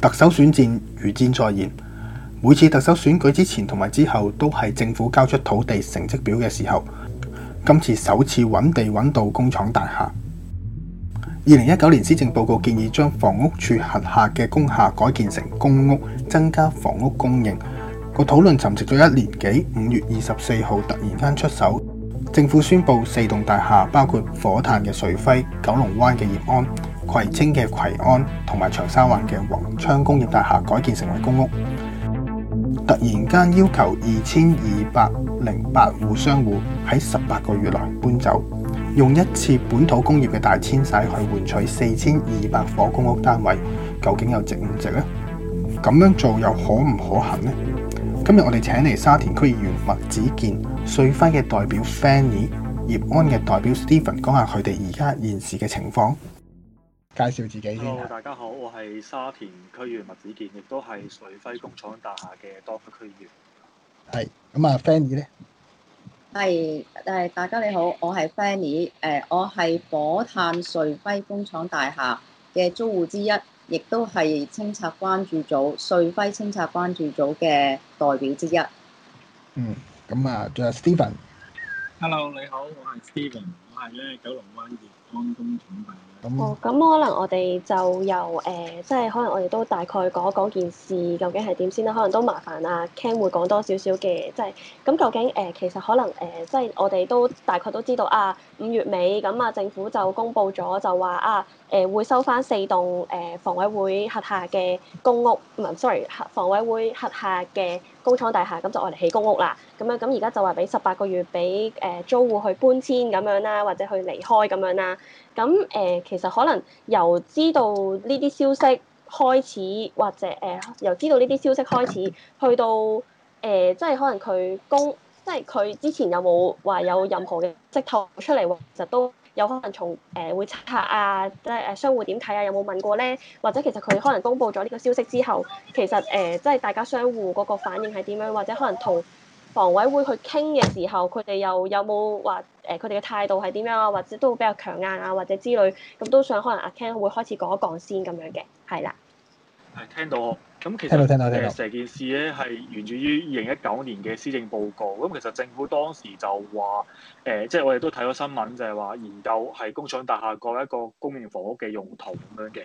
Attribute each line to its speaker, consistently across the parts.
Speaker 1: 特首選戰如箭在弦，每次特首選舉之前同埋之後都係政府交出土地成績表嘅時候。今次首次揾地揾到工廠大廈。二零一九年施政報告建議將房屋署轄下嘅工廈改建成公屋，增加房屋供應。個討論沉寂咗一年幾，五月二十四號突然間出手，政府宣布四棟大廈，包括火炭嘅穗輝、九龍灣嘅業安。葵青嘅葵安同埋長沙灣嘅宏昌工業大廈改建成為公屋，突然間要求二千二百零八戶商戶喺十八個月內搬走，用一次本土工業嘅大遷徙去換取四千二百伙公屋單位，究竟又值唔值呢？咁樣做又可唔可行呢？今日我哋請嚟沙田區議員麥梓健、穗輝嘅代表 Fanny、業安嘅代表 Steven，講下佢哋而家現時嘅情況。介紹自己先啊！Hello, 大
Speaker 2: 家好，我係沙田區議員麥梓健，亦都係穗輝工廠大廈嘅當區議員。
Speaker 1: 係
Speaker 3: 咁啊，Fanny 咧？係誒，大家你好，我係 Fanny。誒，我係火炭穗輝工廠大廈嘅租戶之一，亦都係清拆關注組穗輝清拆關注組嘅代表之一。嗯，
Speaker 4: 咁啊，仲有 Steven。
Speaker 5: Hello，你好，我係 Steven。
Speaker 4: 係咧，九龍灣嘅業安哦，咁可能我哋就由誒，即、呃、係、就是、可能我哋都大概講一講件事究竟係點先啦。可能都麻煩啊，Ken 會講多少少嘅，即係咁究竟誒、呃，其實可能誒，即、呃、係、就是、我哋都大概都知道啊，五月尾咁啊，政府就公布咗就話啊，誒、呃、會收翻四棟誒、呃、房委會轄下嘅公屋，唔係，sorry，房委會轄下嘅工廠大廈，咁、嗯嗯、就我嚟起公屋啦。咁樣咁而家就話俾十八個月俾誒、呃、租戶去搬遷咁樣啦。或者去離開咁樣啦、啊，咁誒、呃、其實可能由知道呢啲消息開始，或者誒、呃、由知道呢啲消息開始，去到誒、呃、即係可能佢公，即係佢之前有冇話有,有任何嘅即透出嚟，其實都有可能從誒、呃、會察啊，即係誒商戶點睇啊，有冇問過咧？或者其實佢可能公布咗呢個消息之後，其實誒、呃、即係大家相互嗰個反應係點樣，或者可能同。房委會去傾嘅時候，佢哋又有冇話誒，佢哋嘅態度係點樣啊？或者都會比較強硬啊？或者之類咁，都想可能阿 Ken 會開始講一講先咁樣嘅，係啦。
Speaker 2: 係聽到，咁其實聽到聽到聽到成件事咧係源自於二零一九年嘅施政報告。咁其實政府當時就話誒，即係我哋都睇咗新聞，就係話研究係工廠大廈個一個公營房屋嘅用途咁樣嘅。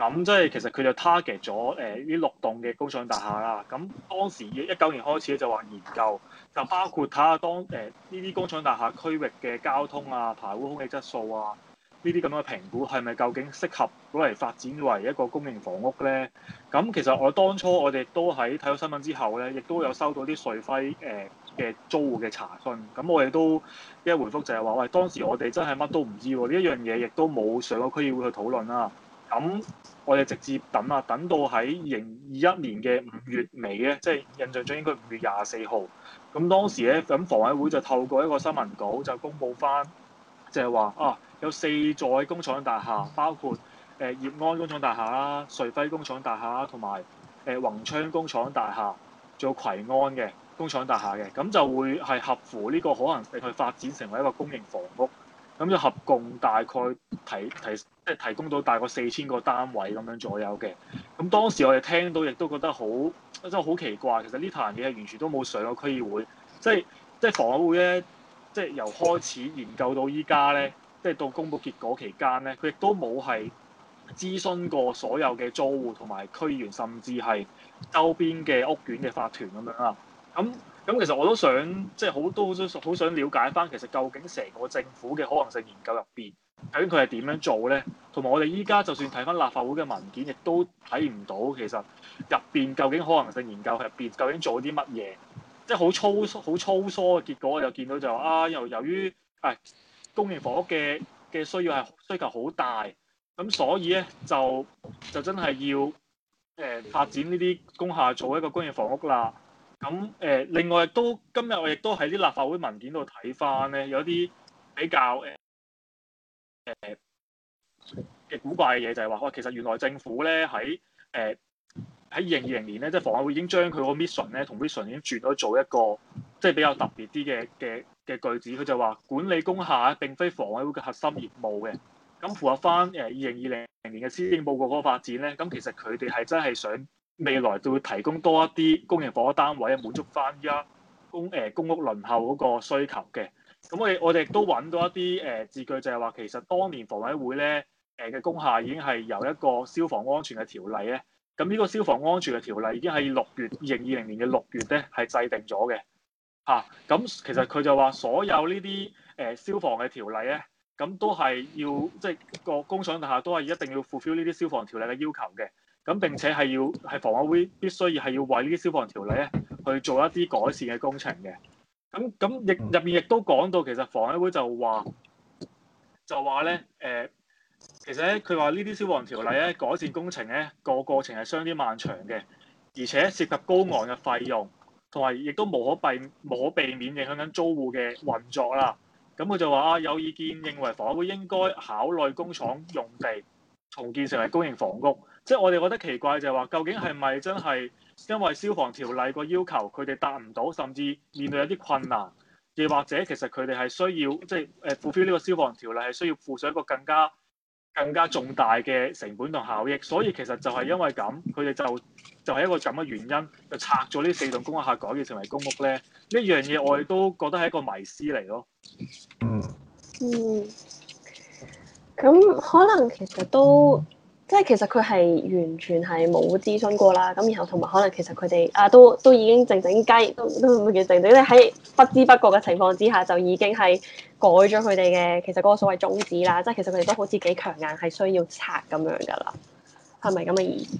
Speaker 2: 咁即係其實佢就 target 咗誒呢六棟嘅工廠大廈啦。咁當時一九年開始就話研究，就包括睇下當誒呢啲工廠大廈區域嘅交通啊、排污空氣質素啊，呢啲咁樣嘅評估係咪究竟適合攞嚟發展為一個公營房屋咧？咁其實我當初我哋都喺睇咗新聞之後咧，亦都有收到啲穗輝誒嘅租戶嘅查詢。咁我哋都一回覆就係話：喂，當時我哋真係乜都唔知喎，呢一樣嘢亦都冇上過區議會去討論啦。咁我哋直接等啊，等到喺二零二一年嘅五月尾咧，即係印象中應該五月廿四號。咁當時咧，咁房委會就透過一個新聞稿就公布翻，就係話啊，有四座工廠大廈，包括誒、呃、業安工廠大廈啦、穗輝工廠大廈同埋誒宏昌工廠大廈，仲有葵安嘅工廠大廈嘅，咁就會係合乎呢個可能性去發展成為一個公營房屋。咁就合共大概提提。即係提供到大概四千個單位咁樣左右嘅，咁當時我哋聽到亦都覺得好真係好奇怪。其實呢壇嘢係完全都冇上過區議會，即係即係房委會咧，即係由開始研究到依家咧，即係到公布結果期間咧，佢亦都冇係諮詢過所有嘅租戶同埋區議員，甚至係周邊嘅屋苑嘅法團咁樣啦。咁咁其實我都想即係好都好想好想了解翻，其實究竟成個政府嘅可能性研究入邊。究竟佢係點樣做咧？同埋我哋依家就算睇翻立法會嘅文件，亦都睇唔到其實入邊究竟可能性研究入邊究竟做啲乜嘢？即係好粗，粗疏、好粗疏嘅結果，又見到就話啊，由由於啊、哎，公營房屋嘅嘅需要係需求好大，咁所以咧就就真係要誒、呃、發展呢啲工廈做一個公營房屋啦。咁誒、呃，另外亦都今日我亦都喺啲立法會文件度睇翻咧，有啲比較誒。呃誒嘅古怪嘅嘢，就係話，其實原來政府咧喺誒喺二零二零年咧，即係房委會已經將佢個 mission 咧同 mission 已經轉咗做一個即係比較特別啲嘅嘅嘅句子。佢就話管理工廈並非房委會嘅核心業務嘅。咁符合翻誒二零二零年嘅施政報告嗰個發展咧，咁其實佢哋係真係想未來就會提供多一啲公營房屋單位，滿足翻家公誒公屋輪候嗰個需求嘅。咁我哋我哋亦都揾到一啲誒、呃、字句，就係話其實當年房委會咧誒嘅工廈已經係由一個消防安全嘅條例咧，咁呢個消防安全嘅條例已經喺六月二零二零年嘅六月咧係制定咗嘅，嚇、啊。咁其實佢就話所有呢啲誒消防嘅條例咧，咁都係要即係個工廠大廈都係一定要 fulfill 呢啲消防條例嘅要求嘅，咁並且係要係房委會必須要係要為呢啲消防條例咧去做一啲改善嘅工程嘅。咁咁亦入面亦都講到，其實房委會就話就話咧，誒，其實咧佢話呢啲消防條例咧，改善工程咧個過程係相當漫長嘅，而且涉及高昂嘅費用，同埋亦都無可避無可避免影響緊租戶嘅運作啦。咁佢就話啊，有意見認為房委會應該考慮工廠用地重建成為公營房屋，即係我哋覺得奇怪就係話，究竟係咪真係？因為消防條例個要求，佢哋達唔到，甚至面對有啲困難，亦或者其實佢哋係需要，即係誒付呢個消防條例係需要付上一個更加更加重大嘅成本同效益，所以其實就係因為咁，佢哋就就係、是、一個咁嘅原因，就拆咗呢四棟公屋，客改變成為公屋咧。呢樣嘢我哋都覺得係一個迷思嚟
Speaker 4: 咯、嗯。嗯。嗯。咁、嗯、可能其實都。即係其實佢係完全係冇諮詢過啦，咁然後同埋可能其實佢哋啊都都已經靜靜雞，都都唔會叫靜靜咧，喺不知不覺嘅情況之下就已經係改咗佢哋嘅其實嗰個所謂宗旨啦，即係其實佢哋都好似幾強硬係需要拆咁樣噶啦，係咪咁嘅意思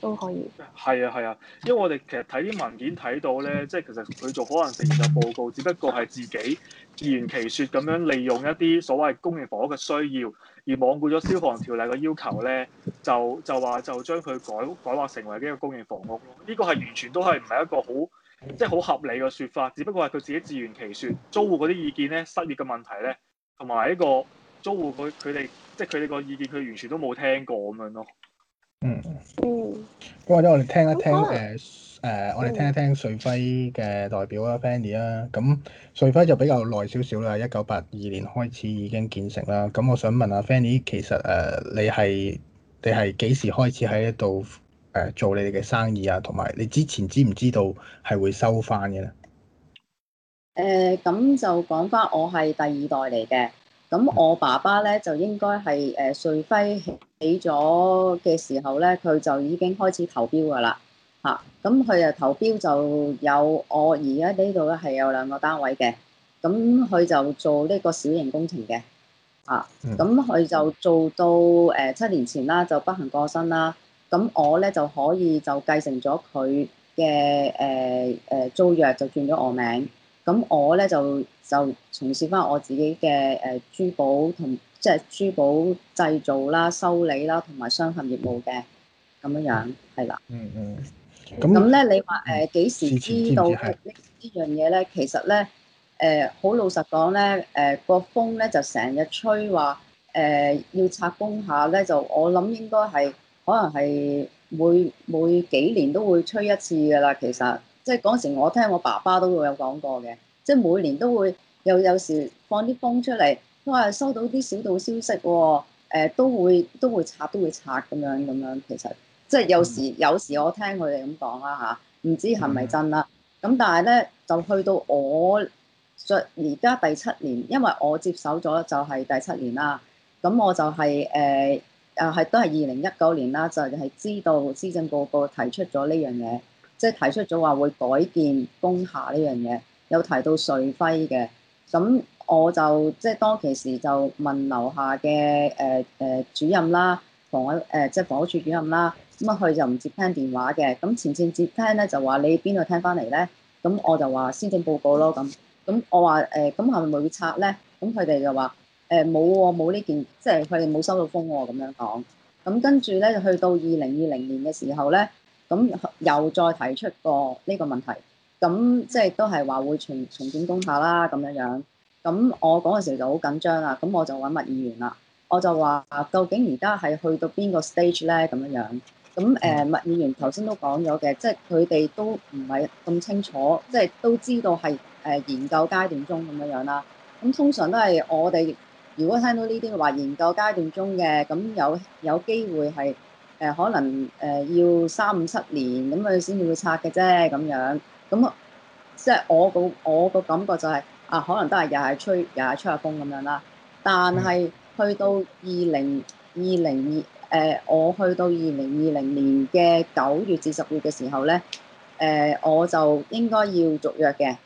Speaker 4: 都可以？
Speaker 2: 係啊係啊，因為我哋其實睇啲文件睇到咧，即係其實佢做可能成日報告，只不過係自己圓其說咁樣，利用一啲所謂供應房屋嘅需要。而罔顧咗消防條例嘅要求咧，就就話就將佢改改劃成為一個公營房屋，呢、呢個係完全都係唔係一個好即係好合理嘅説法。只不過係佢自己自圓其説，租戶嗰啲意見咧、失業嘅問題咧，同埋一個租戶佢佢哋即係佢哋個意見，佢完全都冇聽過咁樣咯、嗯。嗯
Speaker 1: 嗯，咁或者我哋聽一聽誒。Oh, 誒、呃，我哋聽一聽穗輝嘅代表啦 Fanny 啊，咁穗輝就比較耐少少啦，一九八二年開始已經建成啦。咁我想問下、啊、Fanny，其實誒、呃，你係你係幾時開始喺度誒做你哋嘅生意啊？同埋你之前知唔知道係會收翻嘅咧？
Speaker 3: 誒、呃，咁就講翻我係第二代嚟嘅。咁我爸爸咧就應該係誒穗輝起咗嘅時候咧，佢就已經開始投標噶啦。吓，咁佢啊，投標，就有我而家呢度咧係有兩個單位嘅，咁佢就做呢個小型工程嘅，嚇、啊，咁佢就做到誒七、呃、年前啦，就不幸過身啦，咁我咧就可以就繼承咗佢嘅誒誒租約就轉咗我名，咁我咧就就從事翻我自己嘅誒、呃、珠寶同即係珠寶製造啦、修理啦同埋商行業務嘅，咁樣樣係啦。嗯嗯。嗯
Speaker 4: 咁咁咧，那你話誒幾時知道知
Speaker 3: 知知呢呢樣嘢咧？其實咧，誒、呃、好老實講咧，誒、呃、個風咧就成日吹話誒、呃、要拆工廈咧，就我諗應該係可能係每每幾年都會吹一次噶啦。其實即係嗰時我聽我爸爸都會有講過嘅，即係每年都會又有，有時放啲風出嚟，都話收到啲小道消息、哦，誒、呃、都會都會拆都會拆咁樣，咁樣其實。即係有時有時我聽佢哋咁講啦嚇，唔知係咪真啦？咁、mm hmm. 但係咧就去到我，就而家第七年，因為我接手咗就係第七年啦。咁我就係、是、誒，啊、呃、係都係二零一九年啦，就係、是、知道施政報告提出咗呢樣嘢，即係提出咗話會改建工廈呢樣嘢，有提到穗輝嘅。咁我就即係當其時就問樓下嘅誒誒主任啦，房屋誒、呃、即係房屋處主任啦。咁啊，佢就唔接聽電話嘅。咁前線接聽咧，就話你邊度聽翻嚟咧？咁我就話施政報告咯。咁咁，我話誒，咁係咪會拆咧？咁佢哋就話誒冇喎，冇、欸、呢、哦、件，即係佢哋冇收到風喎、哦。咁樣講咁跟住咧，去到二零二零年嘅時候咧，咁又再提出過呢個問題，咁即係都係話會重重建工廈啦。咁樣樣咁，我嗰陣時候就好緊張啦。咁我就揾物議員啦，我就話究竟而家係去到邊個 stage 咧？咁樣樣。咁誒物業員頭先都講咗嘅，即係佢哋都唔係咁清楚，即、就、係、是、都知道係誒研究階段中咁樣樣啦。咁通常都係我哋如果聽到呢啲話研究階段中嘅，咁有有機會係誒可能誒要三五七年咁佢先會拆嘅啫，咁樣咁啊，即係、就是、我個我個感覺就係、是、啊，可能都係又係吹又係吹下風咁樣啦。但係去到二零二零二。誒，我去到二零二零年嘅九月至十月嘅時候咧，誒、呃、我就應該要續約嘅，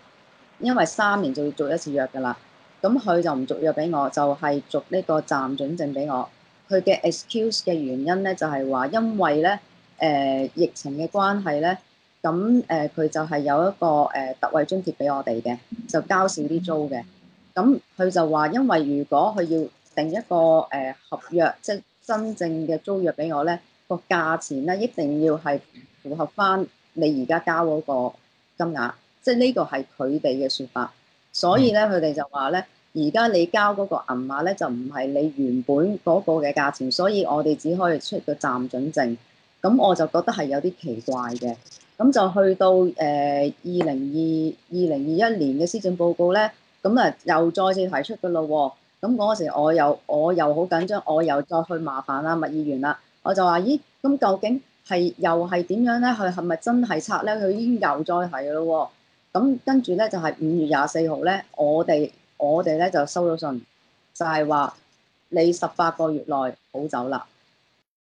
Speaker 3: 因為三年就要續一次約噶啦。咁佢就唔續約俾我，就係、係、續呢個暫準證俾我。佢嘅 excuse 嘅原因咧，就係、係、話因為咧誒、呃、疫情嘅關係咧，咁誒佢就係有一個誒、呃、特惠津貼俾我哋嘅，就交少啲租嘅。咁佢就話，因為如果佢要定一個誒、呃、合約，即係。真正嘅租約俾我咧，個價錢咧一定要係符合翻你而家交嗰個金額，即係呢個係佢哋嘅説法。所以咧，佢哋、嗯、就話咧，而家你交嗰個銀碼咧就唔係你原本嗰個嘅價錢，所以我哋只可以出個暫准證。咁我就覺得係有啲奇怪嘅。咁就去到誒二零二二零二一年嘅施政報告咧，咁啊又再次提出嘅咯喎。咁嗰時我又我又好緊張，我又再去麻煩啦，麥議員啦，我就話咦，咁究竟係又係點樣咧？佢係咪真係拆咧？佢已經又再提咯喎。咁跟住咧就係、是、五月廿四號咧，我哋我哋咧就收咗信，就係、是、話你十八個月內好走啦。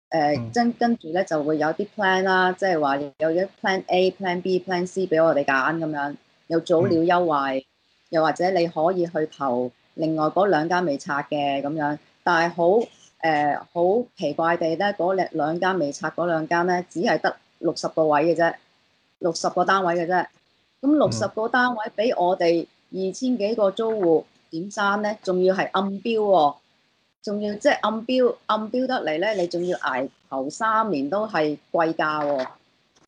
Speaker 3: 誒、呃，真、嗯、跟住咧就會有啲 plan 啦，即係話有一 plan A、plan B、plan C 俾我哋揀咁樣，又早鳥優惠，嗯、又或者你可以去投。另外嗰兩間未拆嘅咁樣，但係好誒好奇怪地咧，嗰兩兩間未拆嗰兩間咧，只係得六十個位嘅啫，六十個單位嘅啫。咁六十個單位俾我哋二千幾個租戶點爭咧？仲要係暗標喎、哦，仲要即係、即係、暗標，暗標得嚟咧，你仲要挨頭三年都係貴價喎、哦。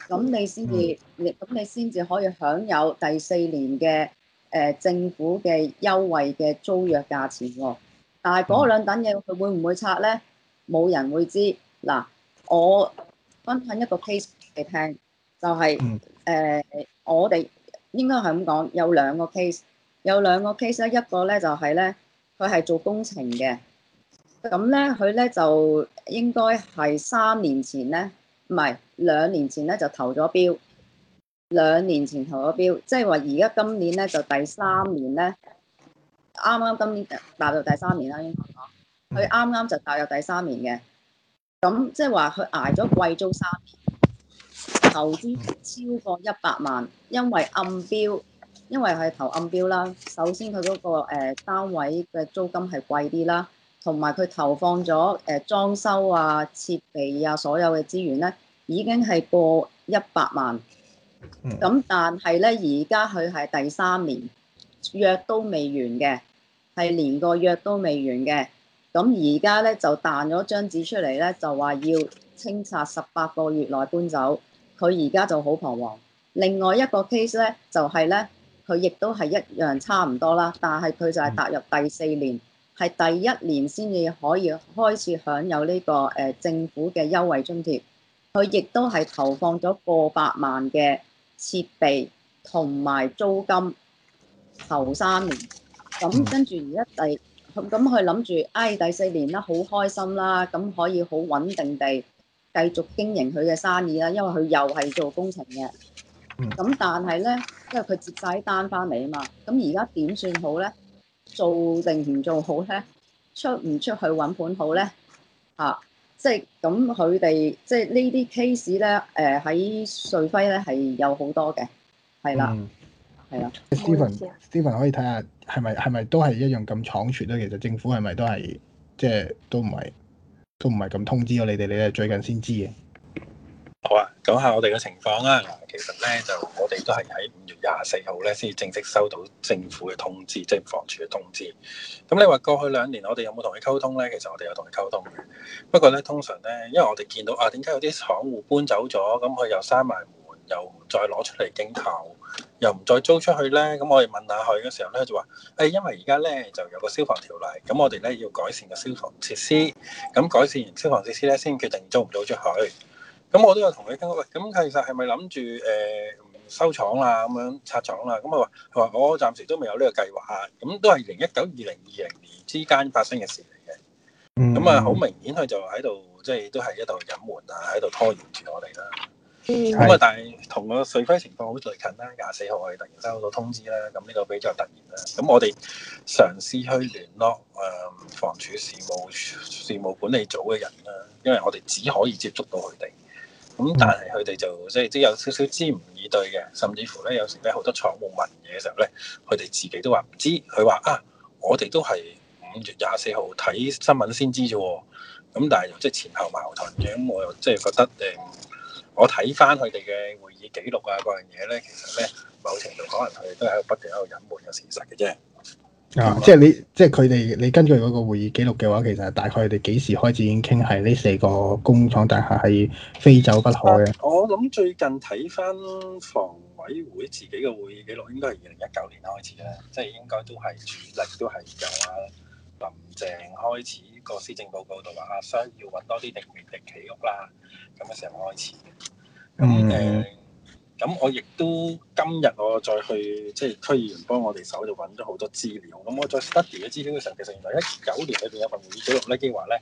Speaker 3: 咁你先至，咁、嗯嗯、你先至可以享有第四年嘅。誒、呃、政府嘅優惠嘅租約價錢喎、哦，但係嗰兩等嘢佢會唔會拆咧？冇人會知。嗱，我分享一個 case 畀你聽，就係、是、誒、呃、我哋應該係咁講，有兩個 case，有兩個 case 咧，一個咧就係、是、咧，佢係做工程嘅，咁咧佢咧就應該係三年前咧，唔係兩年前咧就投咗標。兩年前投咗標，即係話而家今年咧就第三年咧，啱啱今年踏入第三年啦。應該講佢啱啱就踏入第三年嘅，咁即係話佢挨咗貴租三年，投資超過一百萬，因為暗標，因為係投暗標啦。首先佢嗰個誒單位嘅租金係貴啲啦，同埋佢投放咗誒裝修啊、設備啊所有嘅資源咧，已經係過一百萬。咁、嗯、但係咧，而家佢係第三年約都未完嘅，係連個約都未完嘅。咁而家咧就彈咗張紙出嚟咧，就話要清拆十八個月內搬走。佢而家就好彷徨，徨。另外一個 case 咧，就係、是、咧，佢亦都係一樣差唔多啦。但係佢就係踏入第四年，係、嗯、第一年先至可以開始享有呢、這個誒、呃、政府嘅優惠津貼。佢亦都係投放咗過百萬嘅。設備同埋租金頭三年，咁跟住而家第咁佢諗住，唉、哎，第四年啦，好開心啦，咁可以好穩定地繼續經營佢嘅生意啦，因為佢又係做工程嘅。咁但係呢，因為佢接晒單翻嚟啊嘛，咁而家點算好呢？做定唔做好呢？出唔出去揾盤好呢？吓、啊？即係咁，佢哋即係呢啲 case 咧，誒、呃、喺穗輝咧係有好多嘅，係啦，係啦。Steven，Steven
Speaker 1: 可以睇下係咪係咪都係一樣咁倉促咧？其實政府係咪都係即係都唔係都唔係咁通知咗你哋？你哋最近先知嘅。
Speaker 5: 好啊，講下我哋嘅情況啦。嗱，其實咧就我哋都係喺五月廿四號咧先正式收到政府嘅通知，即係房署嘅通知。咁你話過去兩年我哋有冇同佢溝通咧？其實我哋有同佢溝通嘅。不過咧通常咧，因為我哋見到啊，點解有啲廠戶搬走咗，咁、嗯、佢又閂埋門，又唔再攞出嚟競投，又唔再租出去咧？咁我哋問下佢嘅時候咧，佢就話誒、哎，因為而家咧就有個消防條例，咁我哋咧要改善個消防設施，咁改善完消防設施咧，先決定租唔租出去。咁我都有同佢傾過，喂，咁其實係咪諗住誒收廠啦、啊，咁樣拆廠啦、啊？咁佢話佢話我暫時都未有呢個計劃啊，咁都係二零一九二零二零年之間發生嘅事嚟嘅。咁啊、嗯，好明顯佢就喺度即係都係一度隱瞞啊，喺度拖延住我哋啦。咁啊、嗯，但係同個稅規情況好最近啦，廿四號我哋突然收到通知啦，咁呢個比較突然啦。咁我哋嘗試去聯絡誒、嗯、房署事務事務管理組嘅人啦，因為我哋只可以接觸到佢哋，咁、嗯嗯、但係佢哋就、嗯、即係都有少少支吾以對嘅，甚至乎咧有時咧好多廠務問嘢嘅時候咧，佢哋自己都話唔知。佢話啊，我哋都係五月廿四號睇新聞先知啫。咁但係又即係前後矛盾嘅，咁、嗯、我又即係覺得誒、呃，我睇翻佢哋嘅會議記錄啊嗰樣嘢咧，其實咧某程度可能佢哋都喺度不斷喺度隱瞞個事實嘅啫。
Speaker 1: 啊！即係你，即係佢哋，你根據嗰個會議記錄嘅話，其實大概佢哋幾時開始已經傾係呢四個工廠大廈係非走不可嘅？啊。
Speaker 5: 我諗最近睇翻房委會自己嘅會議記錄，應該係二零一九年開始啦，即係應該都係主力都係由阿林鄭開始個施政報告度話啊，需要揾多啲地皮嚟起屋啦，咁嘅時候開始嘅。嗯。咁我亦都今日我再去即係區議員幫我哋手度，揾咗好多資料。咁我再 study 啲資料嘅時候，其實原來裡一九年裏邊有份會議記錄呢，已經話咧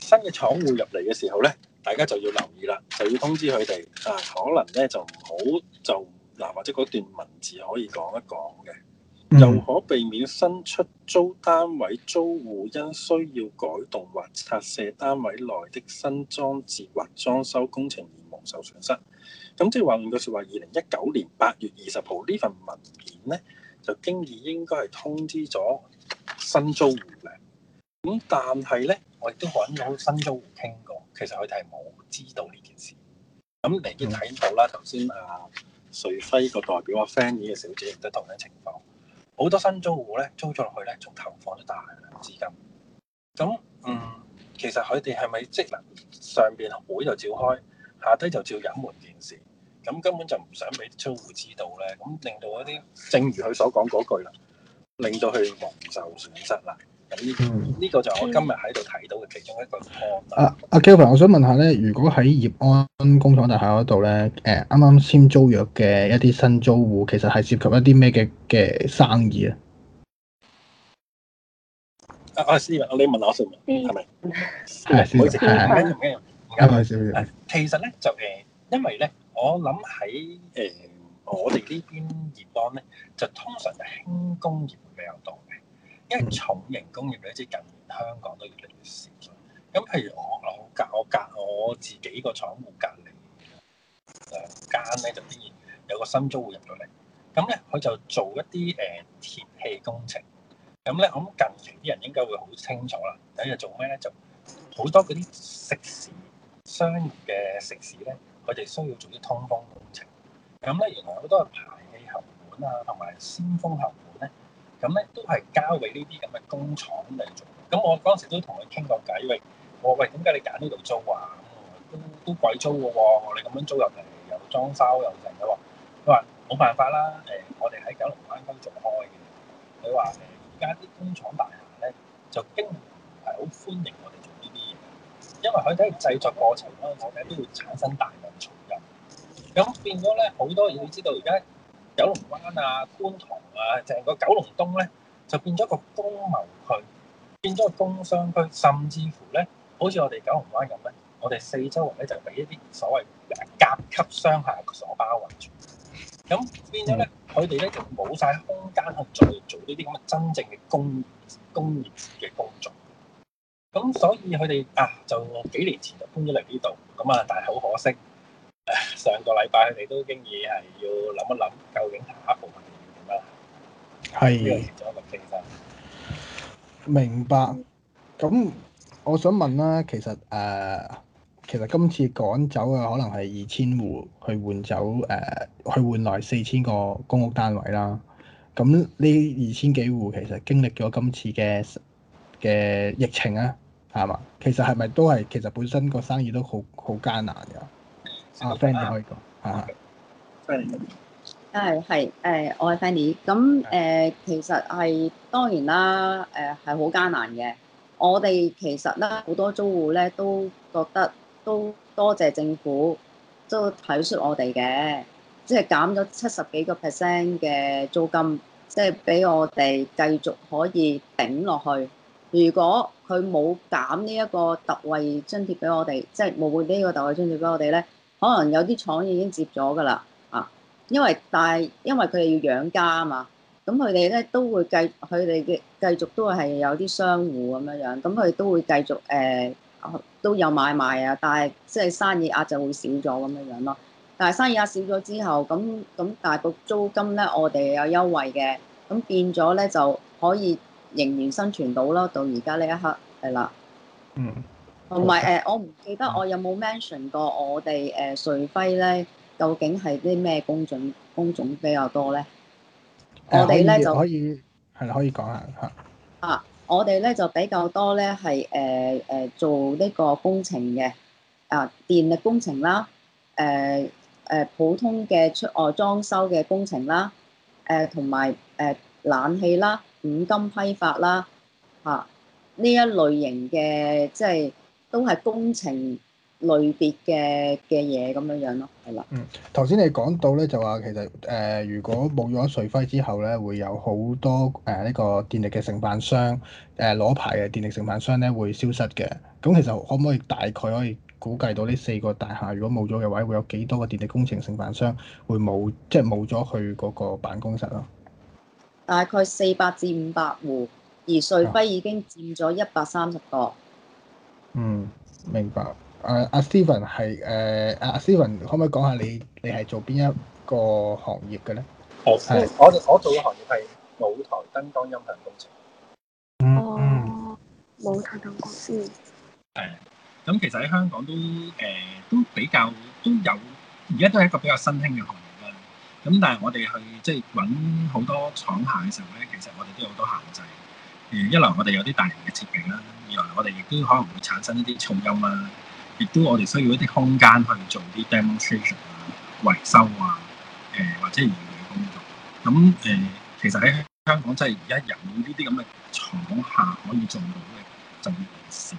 Speaker 5: 誒新嘅廠戶入嚟嘅時候咧，大家就要留意啦，就要通知佢哋啊，可能咧就唔好就嗱、啊、或者嗰段文字可以講一講嘅，又、嗯、可避免新出租單位租戶因需要改動或拆卸單位內的新裝置或裝修工程而蒙受損失。咁即係話，個時，話二零一九年八月二十號呢份文件咧，就經已應該係通知咗新租戶嘅。咁但係咧，我亦都揾咗新租戶傾過，其實佢哋係冇知道呢件事。咁你已經睇到啦，頭先啊穗輝個代表啊 Fanny 嘅小姐亦都同樣情況，好多新租戶咧租咗落去咧，仲投放咗大量資金。咁嗯，其實佢哋係咪即係嗱上邊會就召開，下低就照隱瞞件事？咁根本就唔想俾租戶知道咧，咁令到一啲，正如佢所講嗰句啦，令到佢蒙受損失啦。咁呢個就我今日喺度睇到嘅
Speaker 1: 其中一個案。阿阿 Kevin 我想問下咧，如果喺業安工廠大廈嗰度咧，誒啱啱簽租約嘅一啲新租戶，其實係涉及一啲咩嘅嘅生意啊？阿
Speaker 5: 阿思文，你問我先，係咪？唔好意思，唔緊要。其實咧就誒，因為咧。我諗喺誒我哋呢邊業安咧，就通常就輕工業會比較多嘅，因為重型工業咧，即近年香港都越嚟越少咗。咁譬如我我隔我隔我自己個廠戶隔離兩間咧，就啲有個新租戶入咗嚟，咁咧佢就做一啲誒、呃、鐵器工程。咁咧，我諗近住啲人應該會好清楚啦。喺度做咩咧？就好多嗰啲食肆商業嘅食肆咧。我哋需要做啲通風工程，咁、嗯、咧原來好多係排氣喉管啊，同埋鮮風喉管咧，咁、嗯、咧都係交俾呢啲咁嘅工廠嚟做。咁、嗯、我當時都同佢傾過偈，喂，我喂，點解你揀呢度租啊？咁、嗯、都都貴租嘅、哦、我哋咁樣租入嚟又裝修又成嘅喎。佢話冇辦法啦，誒、呃，我哋喺九龍灣區做開嘅。佢話誒，而家啲工廠大廈咧就經係好歡迎我哋。
Speaker 4: 因為佢哋嘅製作過程咧，
Speaker 5: 我哋都會產生大量噪音。咁變咗咧，好多嘢你知道，而家九龍灣啊、觀塘啊、成個九龍東咧，就變咗個工貿區，變咗個工商區，甚至乎咧，好似我哋九龍灣咁咧，我哋四周圍咧就俾一啲所謂甲級商廈所包圍住。咁變咗咧，佢哋咧就冇曬空間去做做呢啲咁嘅真正嘅工業工業嘅工作。咁所以佢哋啊，就幾年前就搬咗嚟呢度。咁啊，但係好可惜，上個禮拜佢哋都經已係要諗一諗，究竟下一步係點啊？係。呢個係咁嘅事實。
Speaker 1: 明白。咁我想問啦，其實誒，其實今次趕走嘅可能係二千戶去換走誒，去換來四千個公屋單位啦。咁呢二千幾戶其實經歷咗今次嘅嘅疫情啊。係嘛？其實係咪都係？其實本身個生意都好好艱難㗎。啊，ah，Fanny 可以講
Speaker 3: 嚇。Fanny，係係誒，我係 Fanny。咁誒，呃，其實係當然啦，誒係好艱難嘅。我哋其實咧好多租戶咧都覺得都多謝政府，都睇恤我哋嘅，即係減咗七十幾個 percent 嘅租金，即係俾我哋繼續可以頂落去。如果佢冇減呢一個特惠津貼俾我哋，即係冇呢個特惠津貼俾我哋咧，可能有啲廠已經接咗㗎啦啊！因為但係，因為佢哋要養家啊嘛，咁佢哋咧都會繼佢哋嘅繼續都係有啲商戶咁樣樣，咁佢都會繼續誒、呃、都有買賣啊，但係即係生意額就會少咗咁樣樣咯。但係生意額少咗之後，咁咁大部租金咧，我哋有優惠嘅，咁變咗咧就可以。仍然生存到啦，到而家呢一刻係啦。嗯，同埋誒，我唔記得我有冇 mention 過我哋誒、呃、穗輝咧，究竟係啲咩工種工種比較多咧？我哋咧就可
Speaker 1: 以係可以講就下吓，
Speaker 3: 啊，我哋咧就比較多咧係誒誒做呢個工程嘅啊、呃，電力工程啦，誒、呃、誒、呃、普通嘅出外裝修嘅工程啦，誒同埋誒冷氣啦。五金批發啦，嚇、啊、呢一類型嘅，即係都係工程類別嘅嘅嘢咁樣樣咯，係啦。嗯，
Speaker 1: 頭先你講到咧，就話其實誒、呃，如果冇咗穗輝之後咧，會有好多誒呢、呃這個電力嘅承辦商誒攞牌嘅電力承辦商咧會消失嘅。咁其實可唔可以大概可以估計到呢四個大廈如果冇咗嘅話，會有幾多個電力工程承辦商會冇，即係冇咗去嗰個辦公室咯？
Speaker 3: 大概四百至五百戶，而穗輝已經佔咗一百三十個。嗯，
Speaker 1: 明白。誒、uh,，阿、uh, uh, Steven 係，誒，阿 Steven 可唔可以講下你？你係做邊一個行業嘅咧、嗯
Speaker 5: uh,？我即係我做嘅行業係舞台燈光音響工程。嗯
Speaker 4: 嗯、哦，舞台燈光師。
Speaker 5: 咁、嗯、其實喺香港都誒、呃、都比較都有，而家都係一個比較新興嘅行業。咁但係我哋去即係揾好多廠下嘅時候咧，其實我哋都有好多限制。誒、呃，一來我哋有啲大型嘅設備啦，二來我哋亦都可能會產生一啲噪音啊，亦都我哋需要一啲空間去做啲 demonstration 啊、維修啊、誒、呃、或者遠遠工作。咁誒、呃，其實喺香港真係而家有呢啲咁嘅廠下可以做到嘅就越嚟越少。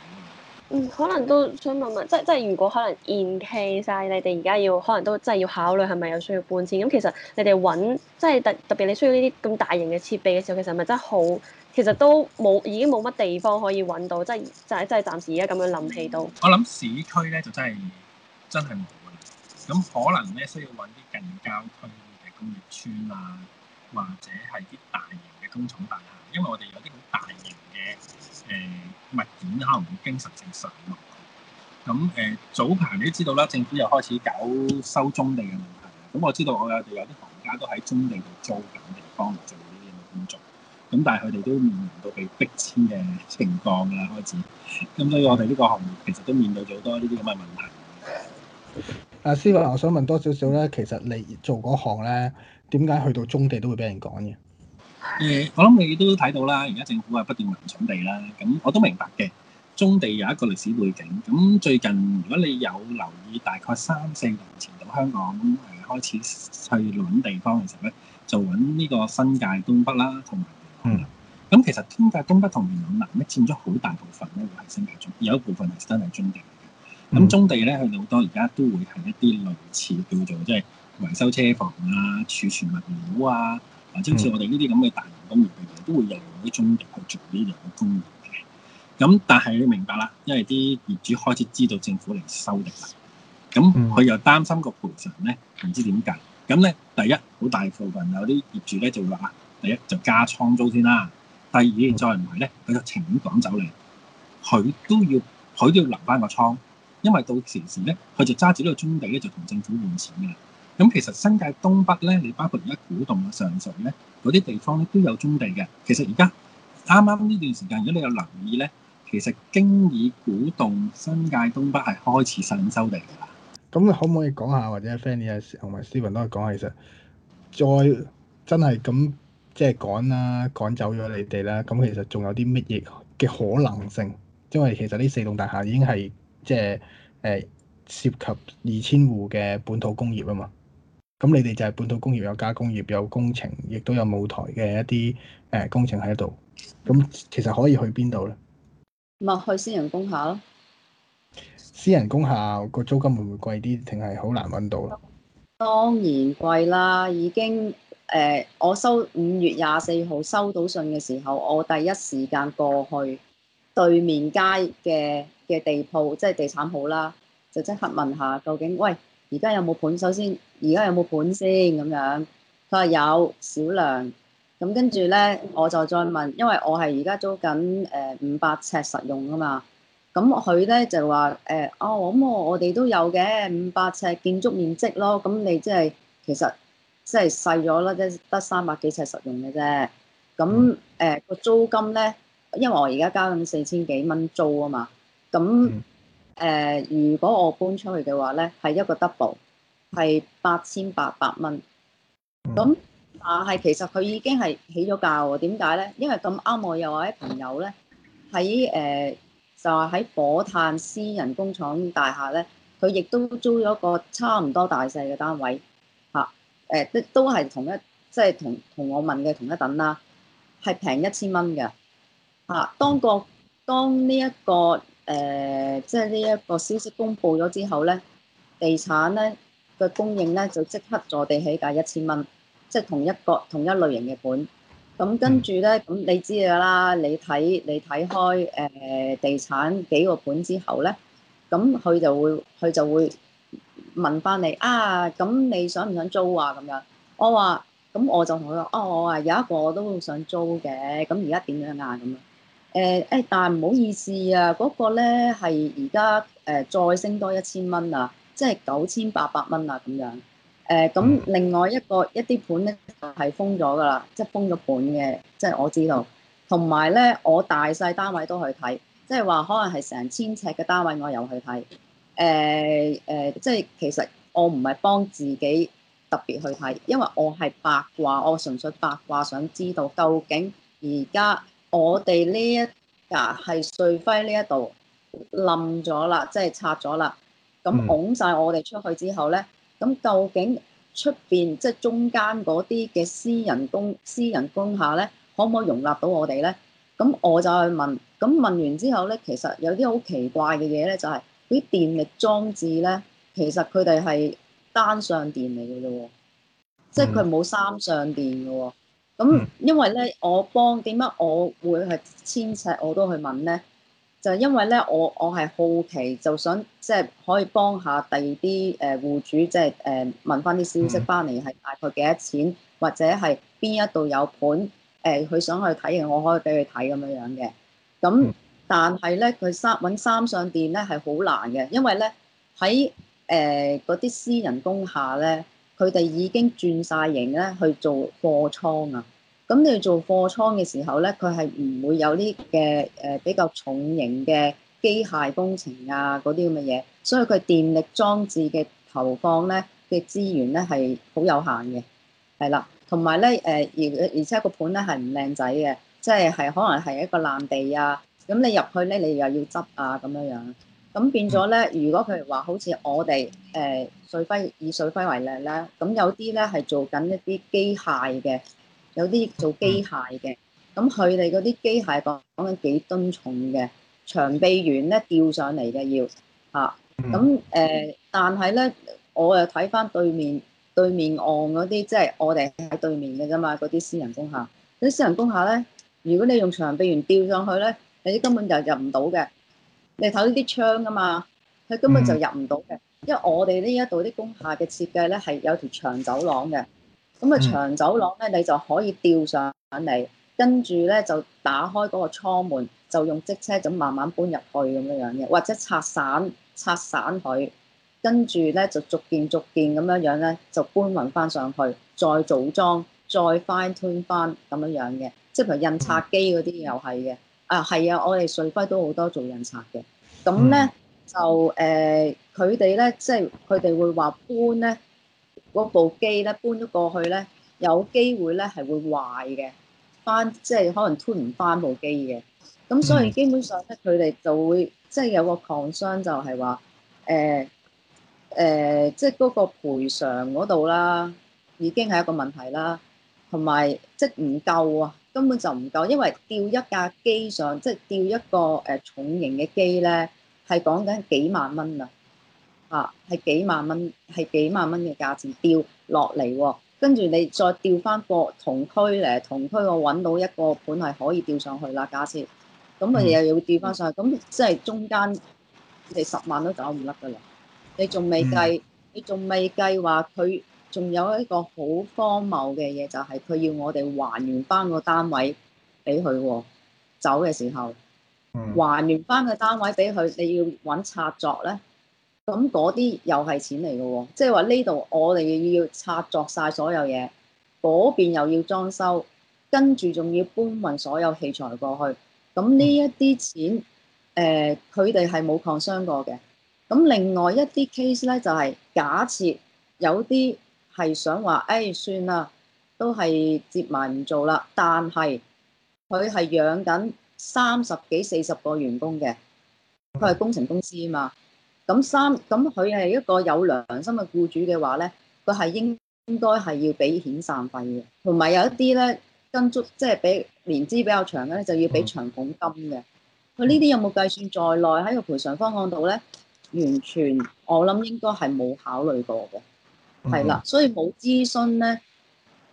Speaker 4: 嗯，可能都想問問，即係即係，如果可能延期晒，你哋而家要可能都真係要考慮係咪有需要搬遷？咁其實你哋揾即係特特別你需要呢啲咁大型嘅設備嘅時候，其實係咪真係好？其實都冇，已經冇乜地方可以揾到，即係就係即係暫時而家咁樣諗起到。
Speaker 5: 嗯，我諗市區咧就真係真係冇㗎啦，咁可能咧需要揾啲近郊區嘅工業村啊，或者係啲大型嘅工廠大廈，因為我哋有啲好大型嘅誒。呃物件可能唔經常證實嘅，咁，誒，早排你都知道啦，政府又開始搞收棕地嘅問題。咁我知道我有哋有啲行家都喺棕地度租緊地方嚟做呢啲嘅工作。咁但係佢哋都面臨到被逼遷嘅情況啦，開始。咁所以我哋呢個行業其實都面對咗好多呢啲咁嘅問題。阿、
Speaker 1: 啊、師傅，我想問多少少咧，其實你做嗰行咧，點解去到棕地都會俾人趕嘅？
Speaker 5: 誒、呃，我諗你都睇到啦，而家政府係不斷揾地啦。咁我都明白嘅，棕地有一個歷史背景。咁最近如果你有留意，大概三四年前到香港咁誒、呃，開始去揾地方嘅時候咧，就揾呢個新界東北啦，同埋元朗。咁、嗯、其實新界東北同埋元朗南咧，佔咗好大部分咧，會係新界中，有一部分係真係棕地嚟嘅。咁棕地咧，去到好多而家都會係一啲類似叫做即係維修車房啊、儲存物料啊。即似我哋呢啲咁嘅大型工業嘅人，都會用啲棕地去做呢樣嘅工業嘅。咁、嗯、但係你明白啦，因為啲業主開始知道政府嚟收地啦，咁、嗯、佢又擔心個賠償咧，唔知點計。咁、嗯、咧，第一好大部分有啲業主咧就會話，第一就加倉租先啦。第二再唔係咧，佢就情願趕走你，佢都要佢都要留翻個倉，因為到時時咧，佢就揸住呢個棕地咧，就同政府換錢嘅。咁其實新界東北咧，你包括而家古洞啊、上水咧，嗰啲地方咧都有棕地嘅。其實而家啱啱呢段時間，如果你有留意咧，其實經已古洞新界東北係開始新收地嘅啦。咁可唔可
Speaker 1: 以講下，或者 Fanny 啊同埋 Steven 都係講下，其實再真係咁即係趕啦，趕走咗你哋啦。咁其實仲有啲乜嘢嘅可能性？因為其實呢四棟大廈已經係即係誒涉及二千戶嘅本土工業啊嘛。咁你哋就係本土工業，有加工業，有工程，亦都有舞台嘅一啲誒工程喺度。咁其實可以去邊度咧？
Speaker 3: 咪去私人工廈咯。
Speaker 1: 私人工廈個租金會唔會貴啲，定係好難搵到啦？
Speaker 3: 當然貴啦，已經誒、呃，我收五月廿四號收到信嘅時候，我第一時間過去對面街嘅嘅地鋪，即係地產鋪啦，就即刻問下究竟喂。而家有冇盤？首先，而家有冇盤先咁樣？佢話有少量。咁跟住咧，我就再問，因為我係而家租緊誒五百尺實用啊嘛。咁佢咧就話誒，哦，咁我哋都有嘅五百尺建築面積咯。咁你即係其實即係細咗啦，即係得三百幾尺實用嘅啫。咁誒個租金咧，因為我而家交緊四千幾蚊租啊嘛。咁誒、呃，如果我搬出去嘅話咧，係一個 double，係八千八百蚊。咁但係其實佢已經係起咗價喎。點解咧？因為咁啱我有位朋友咧喺誒，就係喺火炭私人工廠大廈咧，佢亦都租咗個差唔多大細嘅單位嚇。誒、啊呃，都都係同一即係、就是、同同我問嘅同一等啦、啊，係平一千蚊嘅嚇。當個當呢、這、一個。誒、呃，即係呢一個消息公布咗之後咧，地產咧嘅供應咧就即刻坐地起價一千蚊，即係同一個同一類型嘅盤。咁、嗯、跟住咧，咁你知㗎啦，你睇你睇開誒、呃、地產幾個盤之後咧，咁佢就會佢就會問翻你啊，咁你想唔想租啊？咁樣，我話咁我就同佢話，哦，我話有一個我都好想租嘅，咁而家點樣啊？咁樣。誒誒，但係唔好意思啊，嗰個咧係而家誒再升多一千蚊啊，即係九千八百蚊啊咁樣。誒咁另外一個一啲盤咧係封咗㗎啦，即係封咗盤嘅，即係我知道。同埋咧，我大細單位都去睇，即係話可能係成千尺嘅單位，我又去睇。誒誒，即係其實我唔係幫自己特別去睇，因為我係八卦，我純粹八卦想知道究竟而家。我哋呢一架係穗輝呢一度冧咗啦，即係拆咗啦。
Speaker 4: 咁拱
Speaker 3: 晒我哋出去之後咧，咁究竟出邊即係中間嗰啲嘅私人工私人工廈咧，可唔可以容納到我哋咧？咁我就去問，咁問完之後咧，其實有啲好奇怪嘅嘢咧，就係嗰啲電力裝置咧，其實佢哋係單相電嚟嘅喎，即係佢冇三相電嘅喎。咁、嗯、因為咧，我幫點解我會係千尺我都去問咧？就係因為咧，我我係好奇，就想即係、就是、可以幫下第二啲誒戶主，即係誒問翻啲消息翻嚟，係大概幾多錢，或者係邊一度有盤誒，佢、呃、想去睇嘅，我可以俾佢睇咁樣樣嘅。咁但係咧，佢三揾三相電咧係好難嘅，因為咧喺誒嗰啲私人工廈咧。佢哋已經轉晒型咧去做貨倉啊！咁你做貨倉嘅時候咧，佢係唔會有啲嘅誒比較重型嘅機械工程啊嗰啲咁嘅嘢，所以佢電力裝置嘅投放咧嘅資源咧係好有限嘅，係啦，同埋咧誒而而且個盤咧係唔靚仔嘅，即係係可能係一個爛地啊，咁你入去咧你又要執啊咁樣樣。咁變咗咧，如果佢哋話好似我哋誒、呃、穗輝以穗輝為例咧，咁有啲咧係做緊一啲機械嘅，有啲做機械嘅，咁佢哋嗰啲機械講講緊幾噸重嘅長臂猿咧吊上嚟嘅要嚇，咁、啊、誒、呃，但係咧，我又睇翻對面對面岸嗰啲，即、就、係、是、我哋喺對面嘅啫嘛，嗰啲私人工廈，啲私人工廈咧，如果你用長臂猿吊上去咧，你根本就入唔到嘅。你睇呢啲窗啊嘛，佢根本就入唔到嘅，嗯、因為我哋呢一度啲工廈嘅設計咧係有條長走廊嘅，咁、那、啊、個、長走廊咧你就可以吊上嚟，跟住咧就打開嗰個倉門，就用即車咁慢慢搬入去咁樣樣嘅，或者拆散拆散佢，跟住咧就逐件逐件咁樣樣咧就搬運翻上去，再組裝，再 fine tune 翻咁樣樣嘅，即係譬如印刷機嗰啲又係嘅。啊，係啊，我哋穗輝都好多做印刷嘅，咁咧就誒，佢哋咧即係佢哋會話搬咧部機咧搬咗過去咧，有機會咧係會壞嘅，翻即係可能推唔翻部機嘅，咁所以基本上咧佢哋就會即係、就是、有個 concern 就係話誒誒，即係嗰個賠償嗰度啦，已經係一個問題啦，同埋即係唔夠啊。根本就唔夠，因為吊一架機上，即係吊一個誒重型嘅機咧，係講緊幾萬蚊啊！啊，係幾萬蚊，係幾萬蚊嘅價錢吊落嚟，跟住你再吊翻個同區咧，同區我揾到一個盤係可以吊上去啦，假設，咁佢又要吊翻上去，咁、mm hmm. 即係中間你十萬都走唔甩噶啦，你仲未計，mm hmm. 你仲未計話佢。仲有一個好荒謬嘅嘢，就係、是、佢要我哋還原翻個單位俾佢走嘅時候，還原翻個單位俾佢，你要揾拆作咧。咁嗰啲又係錢嚟嘅喎，即係話呢度我哋要拆作晒所有嘢，嗰邊又要裝修，跟住仲要搬運所有器材過去。咁呢一啲錢，誒、呃，佢哋係冇抗傷過嘅。咁另外一啲 case 咧，就係、是、假設有啲。係想話，誒、哎、算啦，都係接埋唔做啦。但係佢係養緊三十幾、四十個員工嘅，佢係工程公司啊嘛。咁三咁佢係一個有良心嘅僱主嘅話咧，佢係應應該係要俾遣散費嘅，同埋有一啲咧跟足即係俾年資比較長嘅咧就要俾長服金嘅。佢呢啲有冇計算在內喺個賠償方案度咧？完全我諗應該係冇考慮過嘅。係啦，所以冇諮詢咧，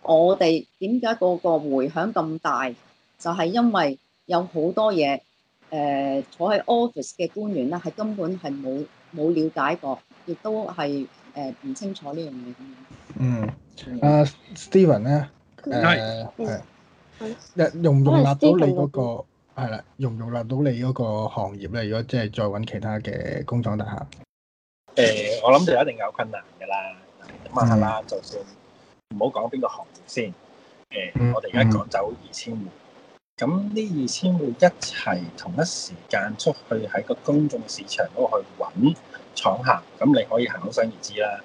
Speaker 3: 我哋點解個個迴響咁大，就係因為有好多嘢誒、呃、坐喺 office 嘅官員咧，係根本係冇冇瞭解過，亦都係誒唔清楚、嗯啊 Steven、呢樣嘢嗯，
Speaker 1: 阿 Steven 咧
Speaker 3: 誒係，
Speaker 1: 容唔容納得到你嗰、嗰個係啦，容唔容納到你嗰個行業咧？如果即係再揾其他嘅工廠大廈，誒、欸，
Speaker 5: 我諗就一定有困難㗎啦。嘛係啦，就算唔好講邊個行業先，誒，我哋而家講走二千戶，咁呢二千戶一齊同一時間出去喺個公眾市場嗰度去揾廠客，咁你可以可想而知啦，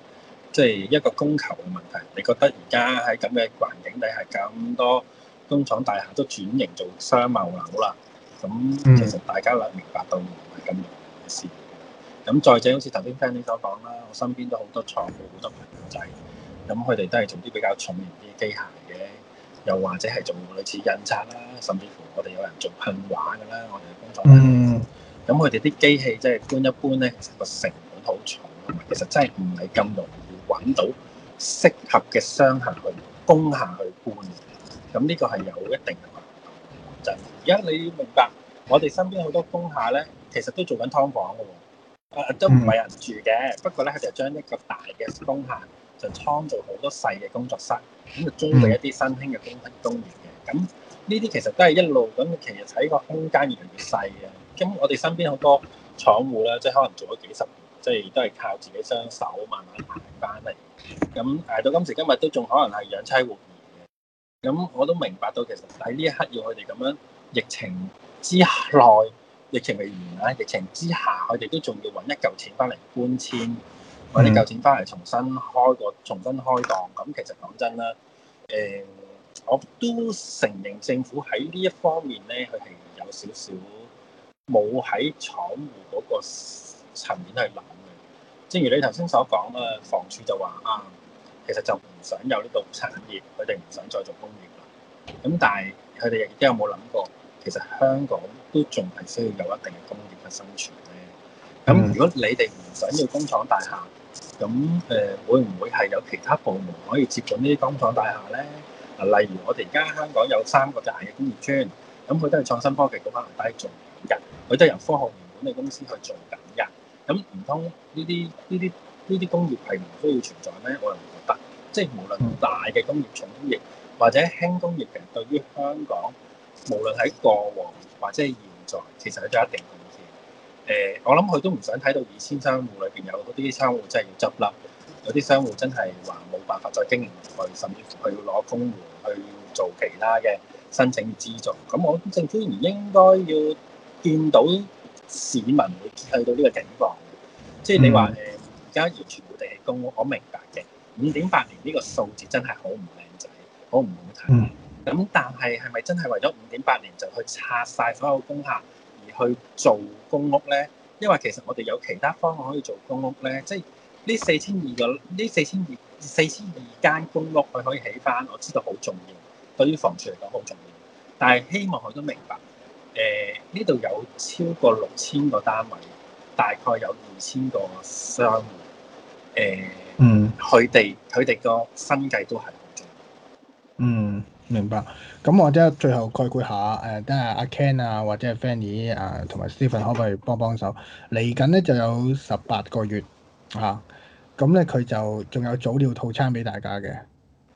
Speaker 5: 即係一個供求嘅問題。你覺得而家喺咁嘅環境底下咁多工廠大廈都轉型做商貿樓啦，咁其實大家能明白到唔係咁容易嘅事。咁再者，好似頭先 friend 你所講啦，我身邊都好多廠，好多朋友仔，咁佢哋都係做啲比較重型啲機械嘅，又或者係做類似印刷啦，甚至乎我哋有人做噴畫嘅啦，我哋
Speaker 1: 工作。嗯。
Speaker 5: 咁佢哋啲機器即係搬一搬咧，其實個成本好重，其實真係唔係咁容易揾到適合嘅商客去工廈去搬。咁呢個係有一定嘅難度。就係而家你明白，我哋身邊好多工廈咧，其實都做緊劏房嘅。啊、都唔係人住嘅，嗯、不過咧佢就將一個大嘅工廈就創造好多細嘅工作室，咁就租俾一啲新興嘅工薪工人嘅。咁呢啲其實都係一路咁，其實喺個空間越嚟越細嘅。咁我哋身邊好多廠戶啦，即係可能做咗幾十年，即係都係靠自己雙手慢慢捱翻嚟。咁捱到今時今日都仲可能係養妻活兒嘅。咁我都明白到，其實喺呢一刻要佢哋咁樣疫情之下。疫情未完啦，疫情之下佢哋都仲要揾一嚿錢翻嚟搬遷，
Speaker 4: 揾一嚿錢
Speaker 5: 翻嚟重新開個重新開檔。咁其實講真啦，誒、呃，我都承認政府喺呢一方面咧，佢係有少少冇喺廠戶嗰個層面去諗嘅。正如你頭先所講啊，房署就話啱、啊，其實就唔想有呢度產業，佢哋唔想再做工業啦。咁但係佢哋亦都有冇諗過？其實香港都仲係需要有一定嘅工業去生存咧。咁如果你哋唔想要工廠大廈，咁誒會唔會係有其他部門可以接準呢啲工廠大廈咧？啊，例如我哋而家香港有三個大嘅工業村，咁佢都係創新科技嗰 part 去做人，佢都由科學園管理公司去做緊人。咁唔通呢啲呢啲呢啲工業係唔需要存在咩？我又唔覺得。即係無論大嘅工業重工業或者輕工業，其實對於香港。無論喺過往或者係現在，其實佢都一定貢獻。誒、呃，我諗佢都唔想睇到二千商戶裏邊有嗰啲商戶真係要執笠，有啲商戶真係話冇辦法再經營去，甚至佢要攞公戶去做其他嘅申請資助。咁我政府唔應該要見到市民會去到呢個境況。即係你話誒，而家完全冇地起公屋，我明白嘅。五點八年呢個數字真係好唔靚仔，好唔好睇？嗯咁但係係咪真係為咗五點八年就去拆晒所有工廈而去做公屋呢？因為其實我哋有其他方案可以做公屋呢，即係呢四千二個呢四千二四千二間公屋佢可以起翻，我知道好重要，對於房署嚟講好重要。但係希望佢都明白，誒，呢度有超過六千個單位，大概有二千個商戶，誒、呃、嗯，佢哋佢哋個生計都係好重要，
Speaker 1: 嗯。明白，咁我即係最後概括下，誒、啊，即係阿 Ken 啊，或者係 Fanny 啊，同埋 Steven 可唔可以幫幫手？嚟緊呢就有十八個月啊，咁呢佢就仲有早料套餐俾大家嘅。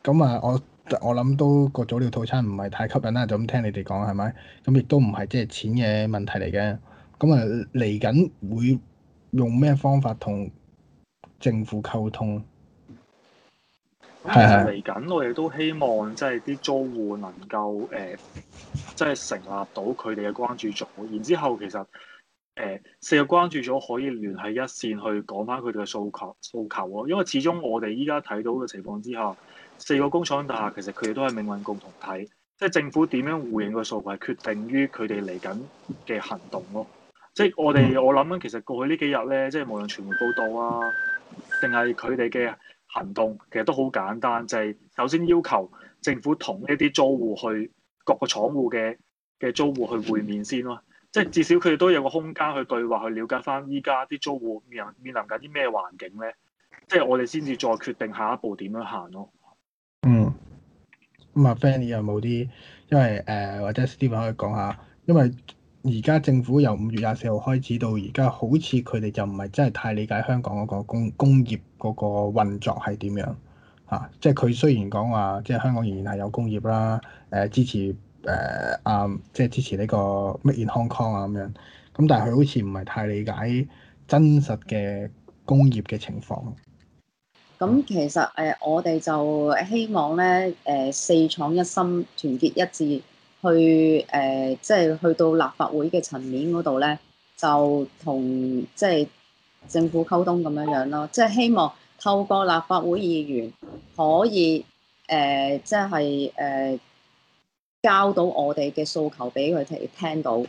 Speaker 1: 咁啊，我我諗都個早料套餐唔係太吸引啦，就咁聽你哋講係咪？咁亦都唔係即係錢嘅問題嚟嘅。咁啊嚟緊會用咩方法同政府溝通？
Speaker 2: 其實嚟緊，我哋都希望即係啲租戶能夠誒，即、呃、係、就是、成立到佢哋嘅關注組，然之後其實誒、呃、四個關注組可以聯繫一線去講翻佢哋嘅訴求訴求咯。因為始終我哋依家睇到嘅情況之下，四個工廠大廈其實佢哋都係命運共同體，即、就、係、是、政府點樣回應個訴求係決定於佢哋嚟緊嘅行動咯。即、就、係、是、我哋我諗緊，其實過去呢幾日咧，即、就、係、是、無論傳媒報導啊，定係佢哋嘅。行動其實都好簡單，就係、是、首先要求政府同一啲租戶去各個廠戶嘅嘅租戶去會面先咯，即、就、係、是、至少佢哋都有個空間去對話，去了解翻依家啲租戶面臨面臨緊啲咩環境咧，即、就、係、是、我哋先至再決定下一步點樣行咯。嗯，
Speaker 1: 咁啊，Fanny 有冇啲？因為誒、呃、或者 s t e v e n 可以講下，因為。而家政府由五月廿四號開始到而家，好似佢哋就唔係真係太理解香港嗰個工工業嗰個運作係點樣啊！即係佢雖然講話，即係香港仍然係有工業啦，誒支持誒啊，即係支持呢個 Make in Hong Kong 啊咁樣。咁但係佢好似唔係太理解真實嘅工業嘅情況。
Speaker 3: 咁其實誒，我哋就希望咧誒，四廠一心，團結一致。去誒，即、呃、係、就是、去到立法會嘅層面嗰度咧，就同即係政府溝通咁樣樣咯。即、就、係、是、希望透過立法會議員可以誒，即係誒交到我哋嘅訴求俾佢聽聽到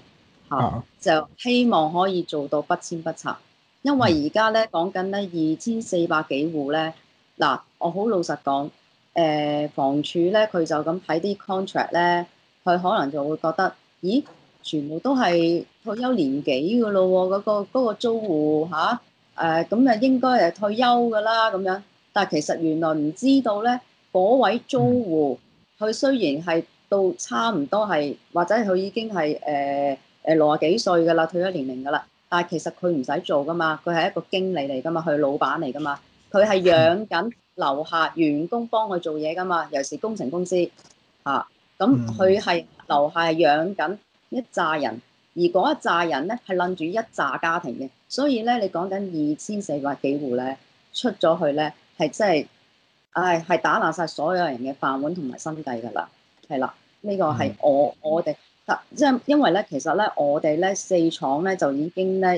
Speaker 3: 嚇、啊，就希望可以做到不遷不拆，因為而家咧講緊咧二千四百幾戶咧嗱，我好老實講誒、呃，房署咧佢就咁喺啲 contract 咧。佢可能就會覺得，咦，全部都係退休年紀嘅咯喎，嗰個嗰個租戶吓，誒咁誒應該誒退休嘅啦咁樣，但係其實原來唔知道咧，嗰位租戶，佢雖然係到差唔多係，或者佢已經係誒誒六啊幾歲嘅啦，退休年齡嘅啦，但係其實佢唔使做噶嘛，佢係一個經理嚟噶嘛，佢係老闆嚟噶嘛，佢係養緊樓下員工幫佢做嘢噶嘛，尤其是工程公司嚇。啊咁佢係樓下養緊一紮人，而嗰一紮人咧係撚住一紮家庭嘅，所以咧你講緊二千四百幾戶咧出咗去咧係真係，唉係、就是哎、打爛晒所有人嘅飯碗同埋生計㗎啦，係啦，呢、這個係我、嗯、我哋特即係因為咧，其實咧我哋咧四廠咧就已經咧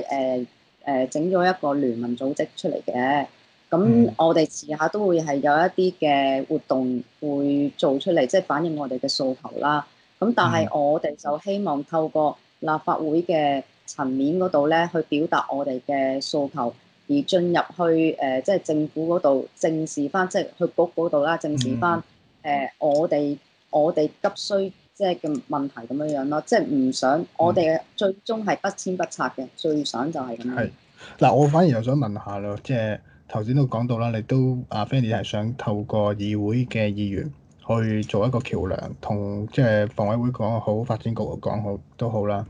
Speaker 3: 誒誒整咗一個聯盟組織出嚟嘅。咁、嗯、我哋遲下都會係有一啲嘅活動會做出嚟，即、就、係、是、反映我哋嘅訴求啦。咁但係我哋就希望透過立法會嘅層面嗰度咧，去表達我哋嘅訴求，而進入去誒即係政府嗰度正視翻，即、就、係、是、去局嗰度啦，正視翻誒、嗯呃、我哋我哋急需即係嘅問題咁樣樣咯。即係唔想、嗯、我哋最終係不遷不拆嘅，最想就係咁樣。係
Speaker 1: 嗱，我反而又想問下咯，即係。頭先都講到啦，你都阿 Fanny 係想透過議會嘅議員去做一個橋梁，同即係房委會講好、發展局講好都好啦。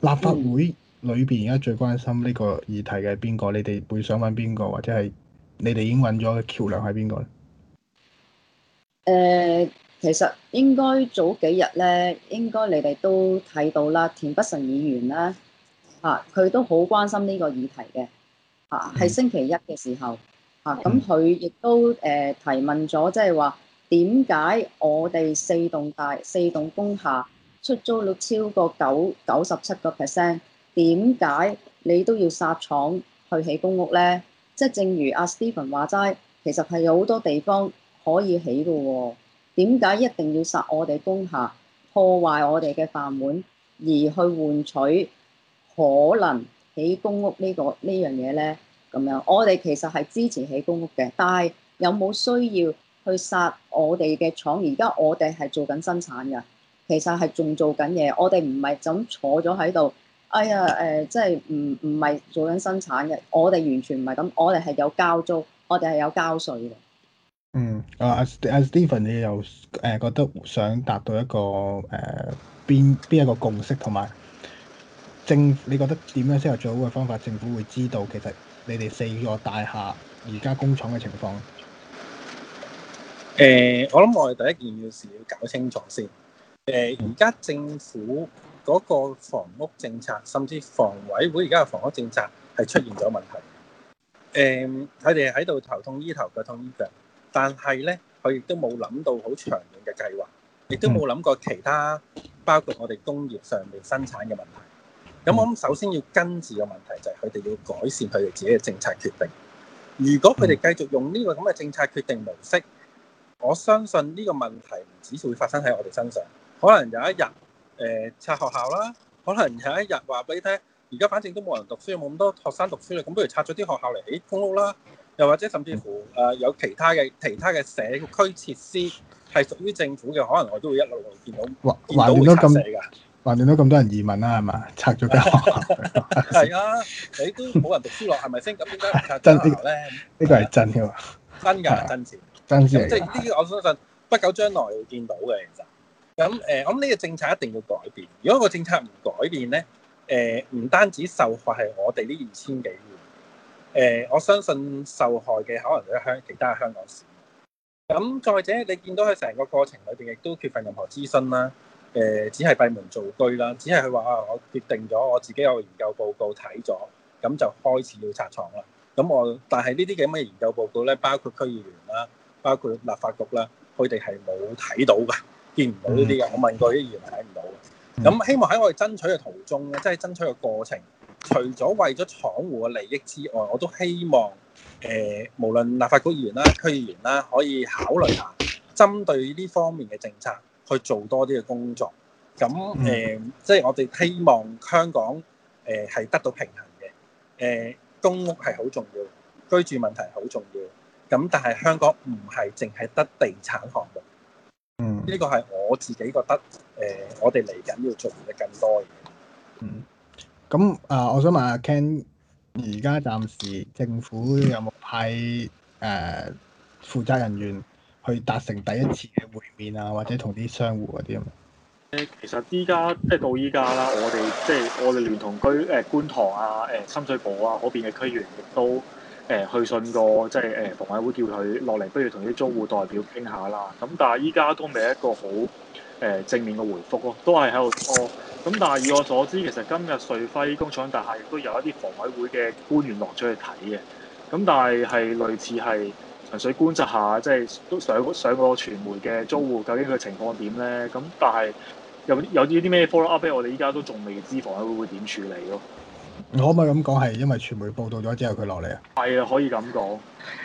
Speaker 1: 立法會裏邊而家最關心呢個議題嘅係邊個？你哋會想揾邊個，或者係你哋已經揾咗嘅橋梁係邊個咧？誒、
Speaker 3: 呃，其實應該早幾日咧，應該你哋都睇到啦，田北辰議員啦，嚇、啊、佢都好關心呢個議題嘅。啊，係星期一嘅時候，的啊，咁佢亦都誒、呃、提問咗，即係話點解我哋四棟大四棟工廈出租率超過九九十七個 percent，點解你都要殺廠去起公屋咧？即、就、係、是、正如阿、啊、Steven 話齋，其實係有好多地方可以起㗎喎，點解一定要殺我哋工廈，破壞我哋嘅飯碗，而去換取可能？起公屋、這個、呢個呢樣嘢咧，咁樣我哋其實係支持起公屋嘅，但係有冇需要去殺我哋嘅廠？而家我哋係做緊生產嘅，其實係仲做緊嘢。我哋唔係就咁坐咗喺度。哎呀，誒、呃，即係唔唔係做緊生產嘅。我哋完全唔係咁。我哋係有交租，我哋係有交稅嘅。嗯，
Speaker 1: 阿、啊、阿 Steven，你又誒覺得想達到一個誒邊邊一個共識同埋？政府，你覺得點樣先係最好嘅方法？政府會知道其實你哋四個大廈而家工廠嘅情況。
Speaker 5: 誒、呃，我諗我哋第一件要事要搞清楚先。誒、呃，而家政府嗰個房屋政策，甚至房委會而家嘅房屋政策，係出現咗問題。誒、呃，佢哋喺度頭痛醫頭，腳痛醫腳，但係咧，佢亦都冇諗到好長遠嘅計劃，亦都冇諗過其他，包括我哋工業上面生產嘅問題。咁我諗首先要根治嘅問題就係佢哋要改善佢哋自己嘅政策決定。如果佢哋繼續用呢個咁嘅政策決定模式，我相信呢個問題唔止會發生喺我哋身上。可能有一日，誒、呃、拆學校啦，可能有一日話俾你聽，而家反正都冇人讀書，冇咁多學生讀書啦，咁不如拆咗啲學校嚟起公屋啦，又或者甚至乎誒、呃、有其他嘅其他嘅社區設施係屬於政府嘅，可能我都會一路路見到還見到拆卸㗎。
Speaker 1: 話令到咁多人移民啦，係嘛？拆咗間
Speaker 5: 學校係啊，你都冇人讀書落，係咪先？咁點解唔拆真呢個
Speaker 1: 咧？呢個係真㗎喎，
Speaker 5: 真㗎，真事。真事嚟。即係呢個，我相信不久將來會見到嘅。其實咁誒，咁呢個政策一定要改變。如果個政策唔改變咧，誒唔單止受害係我哋呢二千幾戶，誒我相信受害嘅可能喺香其他香港市民。咁再者，你見到佢成個過程裏邊，亦都缺乏任何諮詢啦。誒、呃、只係閉門造車啦，只係佢話啊，我決定咗，我自己有研究報告睇咗，咁就開始要拆廠啦。咁我但係呢啲咁嘅研究報告咧，包括區議員啦、啊，包括立法局啦，佢哋係冇睇到嘅，見唔到呢啲嘅。我問過啲議員睇唔到。咁希望喺我哋爭取嘅途中咧，即係爭取嘅過程，除咗為咗廠戶嘅利益之外，我都希望誒、呃，無論立法局議員啦、啊、區議員啦、啊，可以考慮下針對呢方面嘅政策。去做多啲嘅工作，咁誒、嗯呃，即係我哋希望香港誒係、呃、得到平衡嘅，誒、呃，公屋係好重要，居住問題好重要，咁但係香港唔係淨係得地產項目，嗯，呢個係我自己覺得誒、呃，我哋嚟緊要做嘅更多嘢。嗯，
Speaker 1: 咁啊、呃，我想問下 Ken，而家暫時政府有冇派誒負、呃、責人員？去達成第一次嘅會面啊，或者同啲商戶嗰啲啊。
Speaker 2: 誒，其實依家即係到依家啦，我哋即係我哋聯同居誒、呃、觀塘啊、誒、呃、深水埗啊嗰邊嘅區議員，亦都誒去信過，即係誒房委會叫佢落嚟，不如同啲租戶代表傾下啦。咁但係依家都未一個好誒、呃、正面嘅回覆咯，都係喺度拖。咁但係以我所知，其實今日穗輝工廠大廈亦都有一啲房委會嘅官員落出去睇嘅。咁但係係類似係。純粹觀察下，即係上上個傳媒嘅租戶，究竟佢情況點咧？咁但係有有啲啲咩 follow up 咧？我哋依家都仲未知，房委會會點處理
Speaker 1: 咯？可唔可以咁講？係因為傳媒報道咗之後佢落嚟
Speaker 2: 啊？係啊，可以咁講。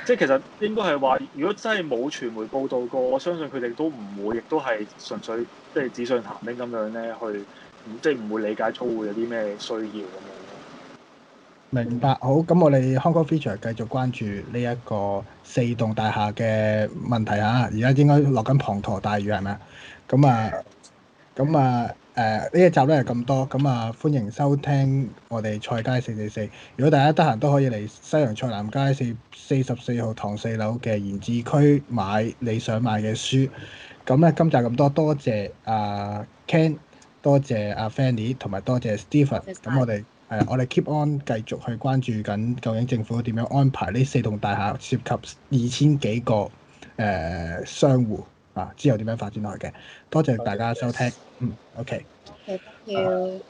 Speaker 2: 即係其實應該係話，如果真係冇傳媒報道過，我相信佢哋都唔會，亦都係純粹即係紙上談兵咁樣咧去，即係唔會理解租戶有啲咩需要。
Speaker 1: 明白，好，咁我哋 Hong Kong Feature 繼續關注呢一個四棟大廈嘅問題啊！而家應該落緊滂沱大雨係咪啊？咁啊，咁啊，誒呢、呃、一集咧係咁多，咁啊歡迎收聽我哋菜街四四四。如果大家得閒都可以嚟西洋菜南街四四十四號唐四樓嘅言志區買你想買嘅書。咁咧今集咁多，多謝啊 Ken，多謝阿 Fanny 同埋多謝 Steven。咁我哋。誒，我哋 keep on 繼續去關注緊，究竟政府點樣安排呢四棟大廈，涉及二千幾個誒、呃、商戶啊，之後點樣發展落去嘅？多謝大家收聽，嗯，OK，thank you。